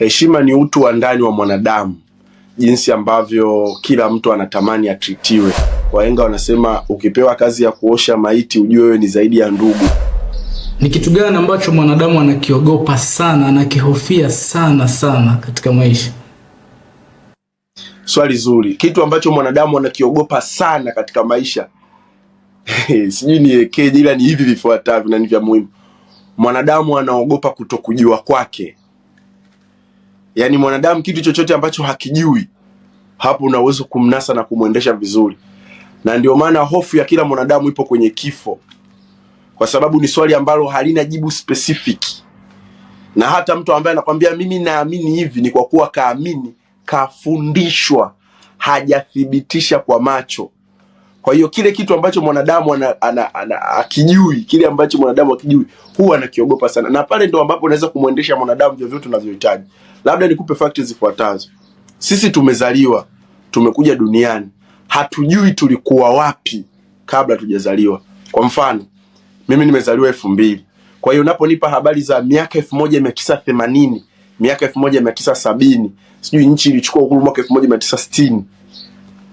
Heshima ni utu wa ndani wa mwanadamu, jinsi ambavyo kila mtu anatamani atritiwe. Wahenga wanasema ukipewa kazi ya kuosha maiti ujue wewe ni zaidi ya ndugu. Ni kitu gani ambacho mwanadamu anakiogopa sana, anakihofia sana sana katika maisha? Swali zuri. Kitu ambacho mwanadamu anakiogopa sana katika maisha sijui ekeje ila ni hivi vifuatavyo na ni vya muhimu. Mwanadamu anaogopa kutokujua kwake yani mwanadamu kitu chochote ambacho hakijui hapo unaweza kumnasa na kumwendesha vizuri, na ndio maana hofu ya kila mwanadamu ipo kwenye kifo, kwa sababu ni swali ambalo halina jibu specific. Na hata mtu ambaye anakwambia mimi naamini hivi, ni kwa kuwa kaamini, kafundishwa, hajathibitisha kwa macho. Kwa hiyo kile kitu ambacho mwanadamu ana, ana, ana, akijui kile ambacho mwanadamu akijui huwa anakiogopa sana, na pale ndo ambapo unaweza kumwendesha mwanadamu vyovyote unavyohitaji. Labda nikupe fakti zifuatazo. Sisi tumezaliwa, tumekuja duniani, hatujui tulikuwa wapi kabla tujazaliwa. Kwa mfano, mimi nimezaliwa elfu mbili. Kwa hiyo unaponipa habari za miaka elfu moja mia tisa themanini miaka elfu moja mia tisa sabini sijui nchi ilichukua uhuru mwaka elfu moja mia tisa sitini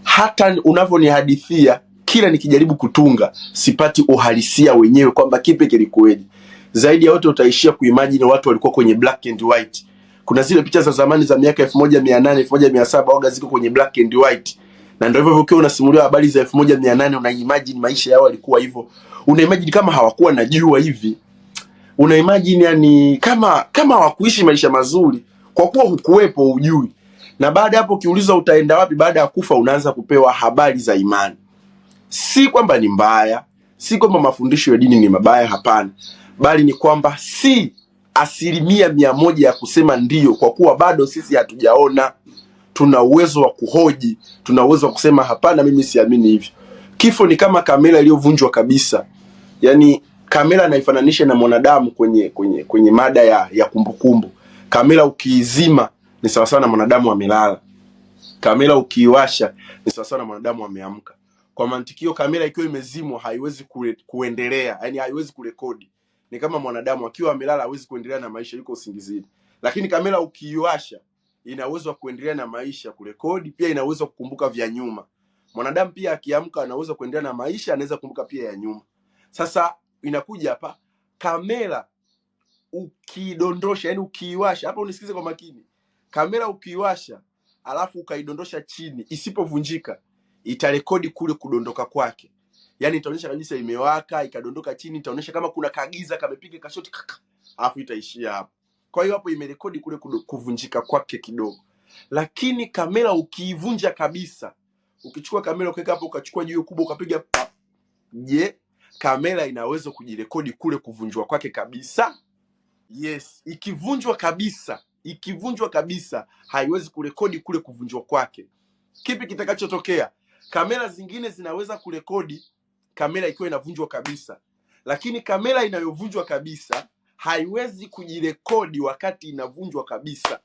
hata unavyonihadithia kila nikijaribu kutunga sipati uhalisia wenyewe kwamba kipi kilikuweje. Zaidi ya wote utaishia kuimagine watu walikuwa kwenye black and white kuna zile picha za zamani za miaka elfu moja mia nane elfu moja mia saba waga ziko kwenye black and white, na ndio hivyo. hivyo, Ukiwa unasimuliwa habari za elfu moja mia nane unaimagine maisha yao yalikuwa hivyo, una imagine kama hawakuwa na jua hivi, una imagine yani kama kama hawakuishi maisha mazuri, kwa kuwa hukuwepo, ujui. Na baada hapo ukiuliza utaenda wapi baada ya kufa, unaanza kupewa habari za imani. Si kwamba ni mbaya, si kwamba mafundisho ya dini ni mabaya, hapana, bali ni kwamba si asilimia mia moja ya kusema ndiyo, kwa kuwa bado sisi hatujaona. Tuna uwezo wa kuhoji, tuna uwezo wa kusema hapana, mimi siamini hivyo. Kifo ni kama kamera iliyovunjwa kabisa, yani kamera naifananisha na mwanadamu kwenye kwenye kwenye mada ya ya kumbukumbu. Kamera ukiizima ni sawasawa na mwanadamu amelala. Kamera ukiiwasha ni sawasawa na mwanadamu ameamka. Kwa mantikio, kamera ikiwa imezimwa haiwezi kuendelea, yani haiwezi kurekodi ni kama mwanadamu akiwa amelala hawezi kuendelea na maisha, yuko usingizini. Lakini kamera ukiiwasha, ina uwezo wa kuendelea na maisha, kurekodi pia, ina uwezo kukumbuka vya nyuma. Mwanadamu pia akiamka, ana uwezo kuendelea na maisha, anaweza kukumbuka pia ya nyuma. Sasa inakuja hapa kamera ukidondosha, yani ukiiwasha, hapa unisikize kwa makini, kamera ukiiwasha alafu ukaidondosha chini, isipovunjika itarekodi kule kudondoka kwake yani itaonyesha kabisa imewaka ikadondoka chini, itaonyesha kama kuna kagiza kamepiga kashoti kaka, alafu itaishia hapo. Kwa hiyo hapo imerekodi kule kuvunjika kwake kidogo, lakini kamera ukiivunja kabisa, ukichukua kamera ukaweka hapo, ukachukua jiwe kubwa ukapiga pa, je, kamera inaweza kujirekodi kule kuvunjwa kwake kabisa? Yes, ikivunjwa kabisa, ikivunjwa kabisa haiwezi kurekodi kule kuvunjwa kwake. Kipi kitakachotokea? Kamera zingine zinaweza kurekodi kamera ikiwa inavunjwa kabisa, lakini kamera inayovunjwa kabisa haiwezi kujirekodi wakati inavunjwa kabisa.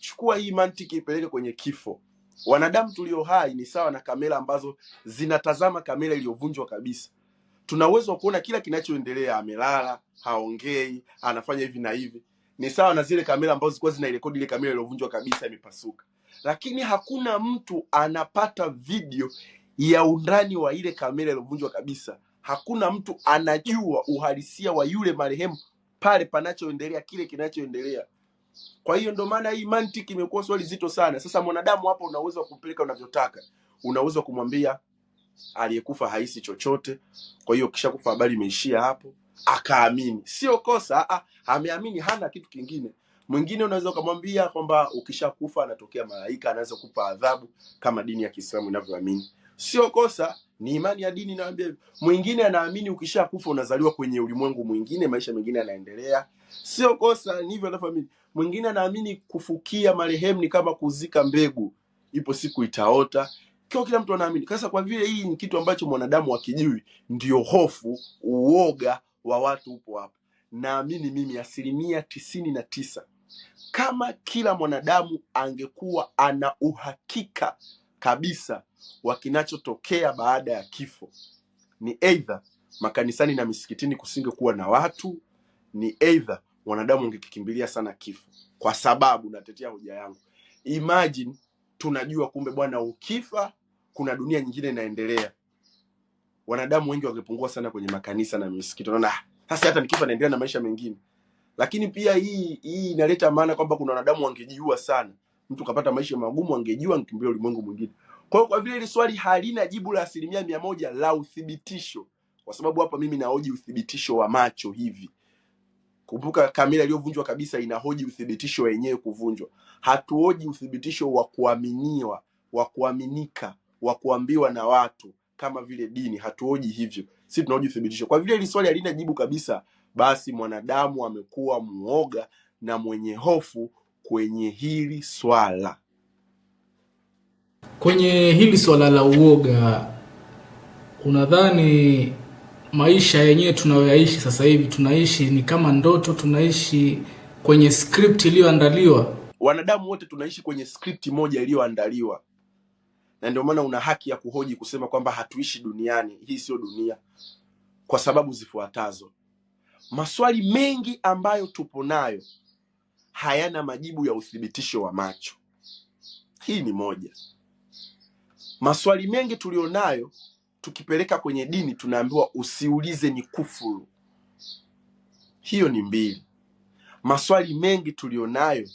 Chukua hii mantiki, ipeleke kwenye kifo. Wanadamu tulio hai ni sawa na kamera ambazo zinatazama kamera iliyovunjwa kabisa. Tuna uwezo wa kuona kila kinachoendelea, amelala, haongei, anafanya hivi na hivi. Ni sawa na zile kamera ambazo zilikuwa zinairekodi ile kamera iliyovunjwa kabisa, imepasuka, lakini hakuna mtu anapata video ya undani wa ile kamera iliyovunjwa kabisa. Hakuna mtu anajua uhalisia wa yule marehemu pale panachoendelea, kile kinachoendelea. Kwa hiyo ndio maana hii mantiki imekuwa swali zito sana. Sasa mwanadamu hapa unaweza kumpeleka unavyotaka, unaweza kumwambia aliyekufa haisi chochote, kwa hiyo kisha kufa habari imeishia hapo, akaamini. Sio kosa, a, ameamini, hana kitu kingine. Mwingine unaweza ukamwambia kwamba ukishakufa anatokea malaika, anaweza kupa adhabu kama dini ya Kiislamu inavyoamini sio kosa ni imani ya dini Naambia hivyo. Mwingine anaamini ukishakufa unazaliwa kwenye ulimwengu mwingine, maisha mengine yanaendelea, sio kosa, ni hivyo anavyoamini. Mwingine anaamini kufukia marehemu ni kama kuzika mbegu, ipo siku itaota. Kio, kila mtu anaamini. Sasa kwa vile hii ni kitu ambacho mwanadamu akijui, ndio hofu, uoga wa watu upo hapa. Naamini mimi asilimia tisini na tisa kama kila mwanadamu angekuwa ana uhakika kabisa wa kinachotokea baada ya kifo ni aidha makanisani na misikitini kusingekuwa na watu, ni aidha wanadamu wangekikimbilia sana kifo. Kwa sababu natetea hoja yangu, imagine tunajua kumbe bwana, ukifa kuna dunia nyingine inaendelea, wanadamu wengi wangepungua sana kwenye makanisa na misikiti. Unaona, ah, sasa hata nikifa naendelea na maisha mengine. Lakini pia hii hii inaleta maana kwamba kuna wanadamu wangejiua sana mtu kapata maisha magumu, angejua nikimbia ulimwengu mwingine. Kwa hiyo kwa vile hili swali halina jibu la asilimia mia moja la uthibitisho, kwa sababu hapa mimi naoji uthibitisho wa macho hivi. Kumbuka kamera iliyovunjwa kabisa inahoji uthibitisho wenyewe kuvunjwa. hatuoji uthibitisho wa kuaminiwa, wa kuaminika, wa kuambiwa na watu kama vile dini, hatuoji hivyo. Sisi tunaoji uthibitisho. Kwa vile hili swali halina jibu kabisa, basi mwanadamu amekuwa muoga na mwenye hofu kwenye hili swala? Kwenye hili swala la uoga, unadhani maisha yenyewe tunayoyaishi sasa hivi tunaishi ni kama ndoto? Tunaishi kwenye script iliyoandaliwa? Wanadamu wote tunaishi kwenye script moja iliyoandaliwa, na ndio maana una haki ya kuhoji kusema kwamba hatuishi duniani, hii sio dunia, kwa sababu zifuatazo. Maswali mengi ambayo tupo nayo hayana majibu ya uthibitisho wa macho. Hii ni moja. Maswali mengi tulionayo tukipeleka kwenye dini tunaambiwa usiulize, ni kufuru. Hiyo ni mbili. Maswali mengi tulionayo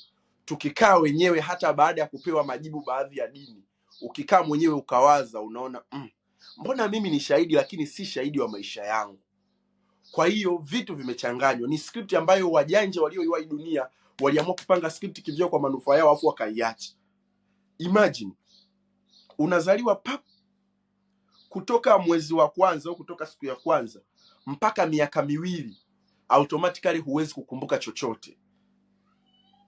tukikaa wenyewe, hata baada ya kupewa majibu baadhi ya dini, ukikaa mwenyewe ukawaza, unaona mm, mbona mimi ni shahidi lakini si shahidi wa maisha yangu. Kwa hiyo vitu vimechanganywa, ni script ambayo wajanja walioiwahi dunia waliamua kupanga script kivyo kwa manufaa yao, afu wakaiacha. Imagine unazaliwa pap, kutoka mwezi wa kwanza au kutoka siku ya kwanza mpaka miaka miwili, automatically huwezi kukumbuka chochote.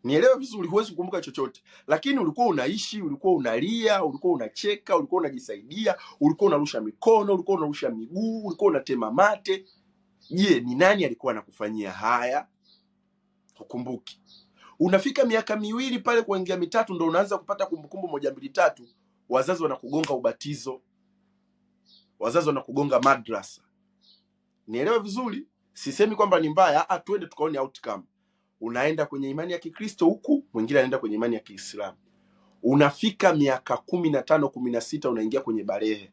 Nielewe vizuri, huwezi kukumbuka chochote, lakini ulikuwa unaishi, ulikuwa unalia, ulikuwa unacheka, ulikuwa unajisaidia, ulikuwa unarusha mikono, ulikuwa unarusha miguu, ulikuwa unatema mate. Je, ni nani alikuwa anakufanyia haya? Hukumbuki unafika miaka miwili pale kuingia mitatu, ndo unaanza kupata kumbukumbu moja mbili tatu, wazazi wanakugonga ubatizo, wazazi wanakugonga madrasa. Nielewe vizuri, sisemi kwamba ni mbaya, a, ah, twende tukaone outcome. Unaenda kwenye imani ya Kikristo huku, mwingine anaenda kwenye imani ya Kiislamu. Unafika miaka kumi na tano kumi na sita unaingia kwenye barehe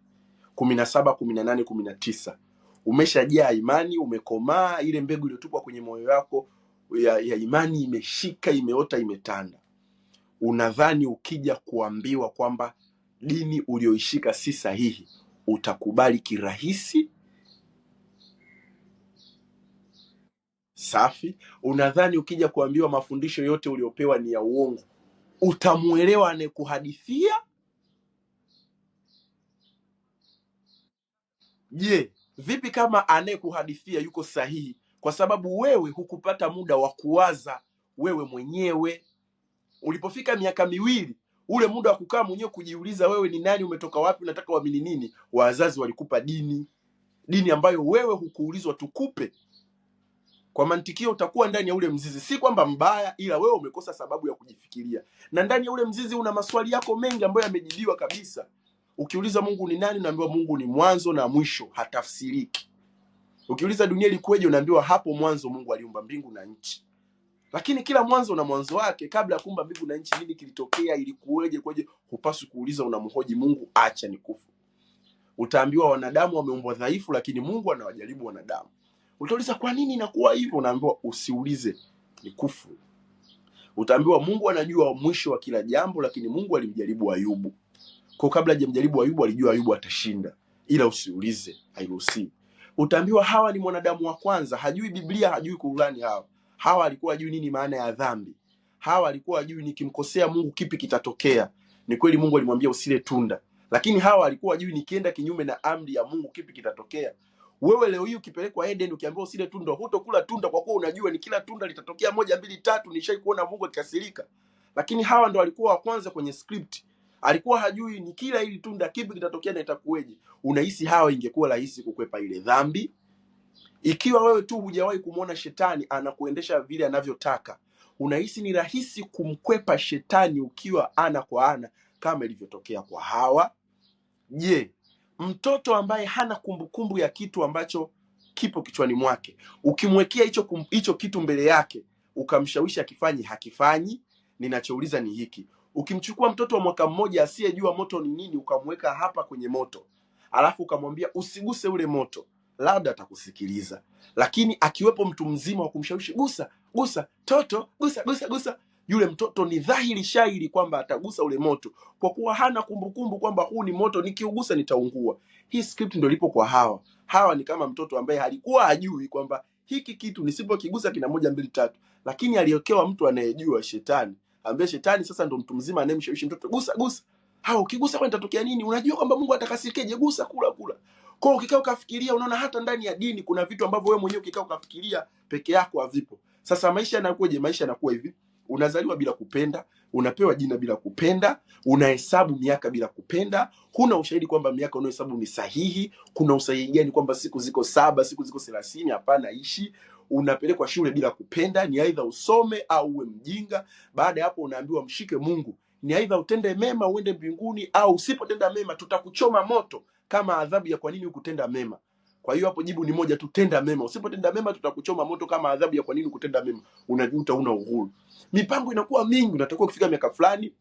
kumi na saba kumi na nane kumi na tisa umeshajaa imani, umekomaa. Ile mbegu iliyotupwa kwenye moyo wako ya, ya imani imeshika, imeota, imetanda. Unadhani ukija kuambiwa kwamba dini ulioishika si sahihi utakubali kirahisi? Safi. Unadhani ukija kuambiwa mafundisho yote uliopewa ni ya uongo utamwelewa anayekuhadithia? Je, vipi kama anayekuhadithia yuko sahihi kwa sababu wewe hukupata muda wa kuwaza wewe mwenyewe. Ulipofika miaka miwili, ule muda wa kukaa mwenyewe kujiuliza, wewe ni nani, umetoka wapi, unataka uamini nini, wazazi walikupa dini, dini ambayo wewe hukuulizwa tukupe. Kwa mantikio utakuwa ndani ya ule mzizi, si kwamba mbaya, ila wewe umekosa sababu ya kujifikiria, na ndani ya ule mzizi una maswali yako mengi ambayo yamejibiwa kabisa. Ukiuliza Mungu ni nani, unaambiwa Mungu ni mwanzo na mwisho, hatafsiriki. Ukiuliza dunia ilikuwaje unaambiwa hapo mwanzo Mungu aliumba mbingu na nchi. Lakini kila mwanzo na mwanzo wake. Kabla ya kuumba mbingu na nchi, nini kilitokea? Ilikuweje? Kwaje? Hupaswi kuuliza, unamhoji Mungu, acha nikufu. Utaambiwa wanadamu wameumbwa dhaifu, lakini Mungu anawajaribu wanadamu. Utauliza kwa nini inakuwa hivyo, unaambiwa usiulize, nikufu. Utaambiwa Mungu anajua mwisho wa kila jambo, lakini Mungu alimjaribu Ayubu. Kwa kabla hajamjaribu Ayubu alijua Ayubu atashinda, ila usiulize, hairuhusiwi. Utaambiwa Hawa ni mwanadamu wa kwanza, hajui Biblia, hajui Kurani. Hawa Hawa alikuwa hajui nini maana ya dhambi. Hawa alikuwa hajui nikimkosea Mungu kipi kitatokea. Ni kweli Mungu alimwambia usile tunda, lakini Hawa alikuwa hajui nikienda kinyume na amri ya Mungu kipi kitatokea. Wewe leo hii ukipelekwa Eden ukiambiwa usile tunda, hutokula tunda kwa kuwa unajua ni kila tunda litatokea moja, mbili, tatu, nishai kuona Mungu akikasirika. Lakini Hawa ndo alikuwa wa kwanza kwenye script alikuwa hajui ni kila ili tunda kipi kitatokea na itakuweje. Unahisi hawa ingekuwa rahisi kukwepa ile dhambi ikiwa wewe tu hujawahi kumwona shetani anakuendesha vile anavyotaka? Unahisi ni rahisi kumkwepa shetani ukiwa ana kwa ana kama ilivyotokea kwa Hawa? Je, mtoto ambaye hana kumbukumbu kumbu ya kitu ambacho kipo kichwani mwake, ukimwekea hicho hicho kitu mbele yake ukamshawishi akifanye, hakifanyi? Ninachouliza ni hiki, Ukimchukua mtoto wa mwaka mmoja asiyejua moto ni nini, ukamweka hapa kwenye moto, alafu ukamwambia usiguse ule moto, labda atakusikiliza. Lakini akiwepo mtu mzima wa kumshawishi, gusa gusa toto, gusa gusa gusa, yule mtoto ni dhahiri shairi kwamba atagusa ule moto, kwa kuwa hana kumbukumbu kwamba huu ni moto, nikiugusa nitaungua. Hii script ndio lipo kwa hawa. Hawa ni kama mtoto ambaye halikuwa ajui kwamba hiki kitu nisipokigusa kina moja mbili tatu, lakini aliokewa mtu anayejua, shetani ambaye shetani sasa ndo mtu mzima anayemshawishi mtoto, gusa gusa, hao ukigusa kwani itatokea nini? Unajua kwamba Mungu atakasirikeje? Gusa, kula kula. Kwa hiyo ukikaa ukafikiria, unaona hata ndani ya dini kuna vitu ambavyo wewe mwenyewe ukikaa ukafikiria peke yako havipo. Sasa maisha yanakuwaje? Maisha yanakuwa hivi, unazaliwa bila kupenda, unapewa jina bila kupenda, unahesabu miaka bila kupenda, huna ushahidi kwamba miaka unayohesabu ni sahihi. Kuna usahihi gani kwamba siku ziko saba, siku ziko thelathini? Hapana ishi unapelekwa shule bila kupenda, ni aidha usome au uwe mjinga. Baada ya hapo unaambiwa mshike Mungu, ni aidha utende mema uende mbinguni, au usipotenda mema tutakuchoma moto kama adhabu ya kwa nini hukutenda mema. Kwa hiyo hapo jibu ni moja tu, tenda mema. Usipotenda mema tutakuchoma moto kama adhabu ya kwa nini hukutenda mema. Unajuta, una uhuru. Mipango inakuwa mingi, unatakiwa kufika miaka fulani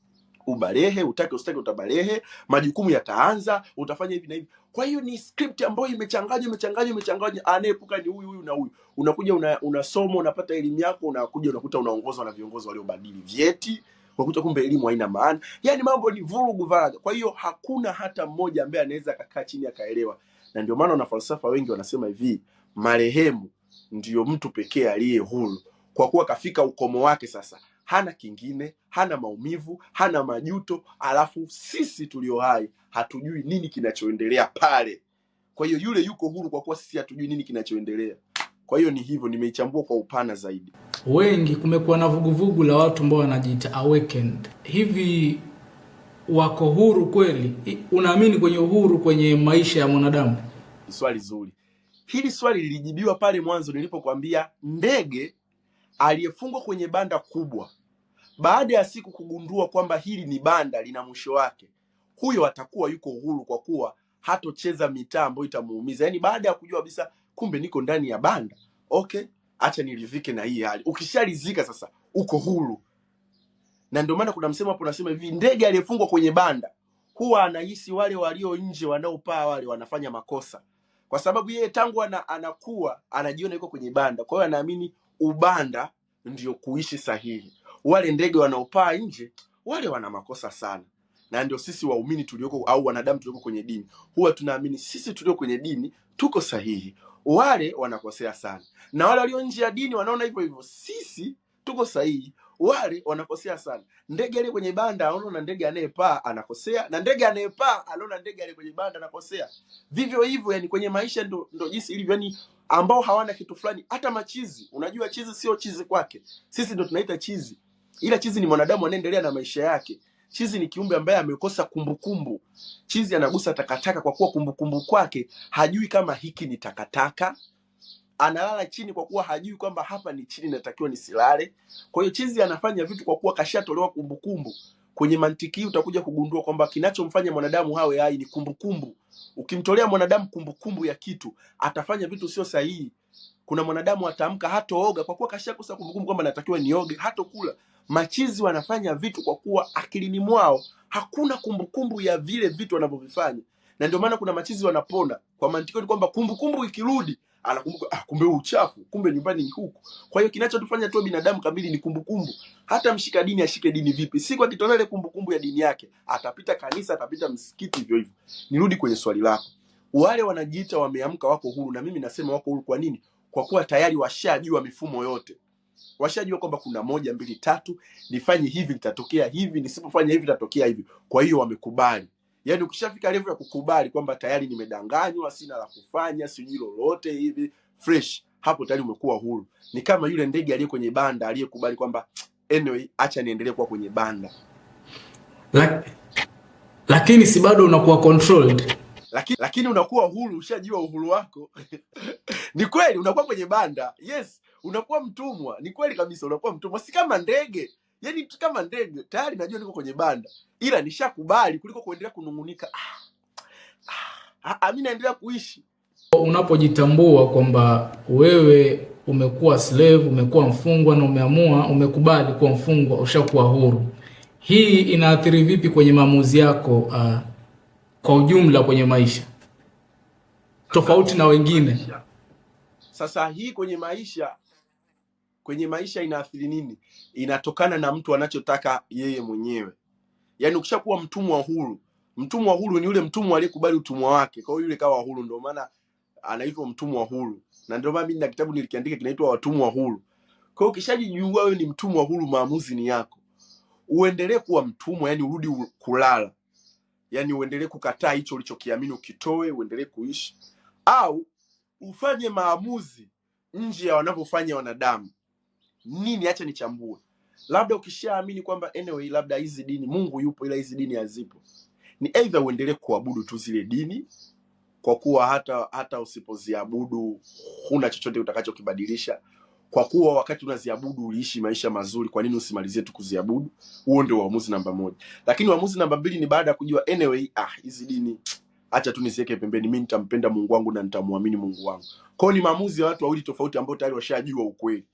ubalehe, utake usitake, utabalehe, majukumu yataanza, utafanya hivi na hivi. Kwa hiyo ni script ambayo imechanganywa imechanganywa imechanganywa, anayepuka ni huyu huyu na huyu. Unakuja una, unasoma unapata elimu yako, unakuja unakuta unaongozwa na viongozi waliobadili vyeti unakuta kumbe elimu haina maana. Yani mambo ni vurugu varaga. Kwa hiyo hakuna hata mmoja ambaye anaweza akakaa chini akaelewa, na ndio maana wanafalsafa wengi wanasema hivi, marehemu ndiyo mtu pekee aliye huru, kwa kuwa kafika ukomo wake sasa hana kingine, hana maumivu, hana majuto, alafu sisi tulio hai hatujui nini kinachoendelea pale. Kwa hiyo yule yuko huru kwa kuwa sisi hatujui nini kinachoendelea. Kwa hiyo ni hivyo, nimeichambua kwa upana zaidi. Wengi kumekuwa na vuguvugu la watu ambao wanajiita awakened. Hivi wako huru kweli? Unaamini kwenye uhuru kwenye maisha ya mwanadamu? Swali zuri hili. Swali lilijibiwa pale mwanzo nilipokuambia ndege aliyefungwa kwenye banda kubwa, baada ya siku kugundua kwamba hili ni banda lina mwisho wake, huyo atakuwa yuko uhuru kwa kuwa hatocheza mitaa ambayo itamuumiza. Yaani baada ya kujua kabisa, kumbe niko ndani ya banda, okay, acha niridhike na hii hali. Ukishalizika sasa, uko huru, na ndio maana kuna msemo hapo unasema hivi, ndege aliyefungwa kwenye banda huwa anahisi wale walio nje wanaopaa wale wanafanya makosa, kwa sababu yeye tangu ana, anakuwa anajiona yuko kwenye banda, kwa hiyo anaamini ubanda ndio kuishi sahihi. Wale ndege wanaopaa nje wale wana makosa sana, na ndio sisi waumini tulioko au wanadamu tulioko kwenye dini huwa tunaamini sisi tulio kwenye dini tuko sahihi, wale wanakosea sana, na wale walio nje ya dini wanaona hivyo hivyo, sisi tuko sahihi, wale wanakosea sana. Ndege ali kwenye banda anaona ndege anayepaa anakosea, na ndege anayepaa anaona ndege aliye kwenye banda anakosea. Vivyo hivyo, yani kwenye maisha ndo, ndo jinsi ilivyo, yani ambao hawana kitu fulani. Hata machizi, unajua chizi sio chizi kwake, sisi ndo tunaita chizi, ila chizi ni mwanadamu anaendelea na maisha yake. Chizi ni kiumbe ambaye amekosa kumbukumbu. Chizi anagusa takataka kwa kuwa kumbukumbu kwake hajui kama hiki ni takataka. Analala chini kwa kuwa hajui kwamba hapa ni chini, natakiwa nisilale. Kwa hiyo chizi anafanya vitu kwa kuwa kashatolewa kumbukumbu kwenye mantiki hii utakuja kugundua kwamba kinachomfanya mwanadamu hawe hai ni kumbukumbu kumbu. Ukimtolea mwanadamu kumbukumbu kumbu ya kitu atafanya vitu sio sahihi. Kuna mwanadamu atamka hatooga kwa kuwa kashakosa kumbukumbu kwamba natakiwa nioge, hatokula. Machizi wanafanya vitu kwa kuwa akilini mwao hakuna kumbukumbu kumbu ya vile vitu wanavyovifanya na ndio maana kuna machizi wanaponda kwa mantiki ni kwamba kumbukumbu ikirudi anakumbuka ah, kumbe uchafu kumbe nyumbani ni huku. Kwa hiyo kinachotufanya tu binadamu kamili ni kumbukumbu. kumbu. Hata mshika dini ashike dini vipi, siku akitolea ile kumbukumbu ya dini yake atapita kanisa, atapita msikiti, hivyo hivyo. Nirudi kwenye swali lako, wale wanajiita wameamka, wako huru, na mimi nasema wako huru. Kwa nini? Kwa kuwa tayari washajua mifumo yote, washajua kwamba kuna moja, mbili, tatu, nifanye hivi litatokea hivi, nisipofanya hivi litatokea hivi. Kwa hiyo wamekubali Yaani ukishafika level ya kukubali kwamba tayari nimedanganywa, sina la kufanya, sijui lolote hivi fresh, hapo tayari umekuwa huru. Ni kama yule ndege aliye kwenye banda aliyekubali kwamba anyway, acha niendelee kuwa kwenye banda Laki, lakini si bado unakuwa controlled lakini, lakini unakuwa huru, ushajua uhuru wako ni kweli, unakuwa kwenye banda yes, unakuwa mtumwa. Ni kweli kabisa, unakuwa mtumwa, si kama ndege yani kama ndege tayari najua niko kwenye banda ila nishakubali kuliko kuendelea kunungunika ah, ah, ah mi naendelea kuishi unapojitambua kwamba wewe umekuwa slave umekuwa mfungwa na umeamua umekubali kuwa mfungwa ushakuwa huru hii inaathiri vipi kwenye maamuzi yako uh, kwa ujumla kwenye maisha tofauti na wengine sasa hii kwenye maisha kwenye maisha inaathiri nini? Inatokana na mtu anachotaka yeye mwenyewe. Yaani ukishakuwa mtumwa huru, mtumwa huru ni yule mtumwa aliyekubali utumwa wake, kwa hiyo yule kawa huru, ndio maana anaitwa mtumwa huru, na ndio maana mimi na kitabu nilikiandika kinaitwa Watumwa Huru. Kwa hiyo ukishajijua wewe ni mtumwa huru, maamuzi ni yako. Uendelee kuwa mtumwa, yani urudi kulala, yani uendelee kukataa hicho ulichokiamini, ukitoe, uendelee kuishi, au ufanye maamuzi nje ya wanavyofanya wanadamu nini, acha nichambue. Labda ukishaamini kwamba anyway, labda hizi dini Mungu yupo, ila hizi dini hazipo, ni either uendelee kuabudu tu zile dini, kwa kuwa hata hata usipoziabudu huna chochote utakachokibadilisha kwa kuwa wakati unaziabudu uliishi maisha mazuri, kwa nini usimalizie tu kuziabudu? Huo ndio uamuzi namba moja. Lakini uamuzi namba mbili ni baada ya kujua anyway, ah, hizi dini acha tu nisiweke pembeni, mimi nitampenda Mungu wangu na nitamwamini Mungu wangu. Kwao ni maamuzi ya watu wawili tofauti ambao tayari washajua ukweli.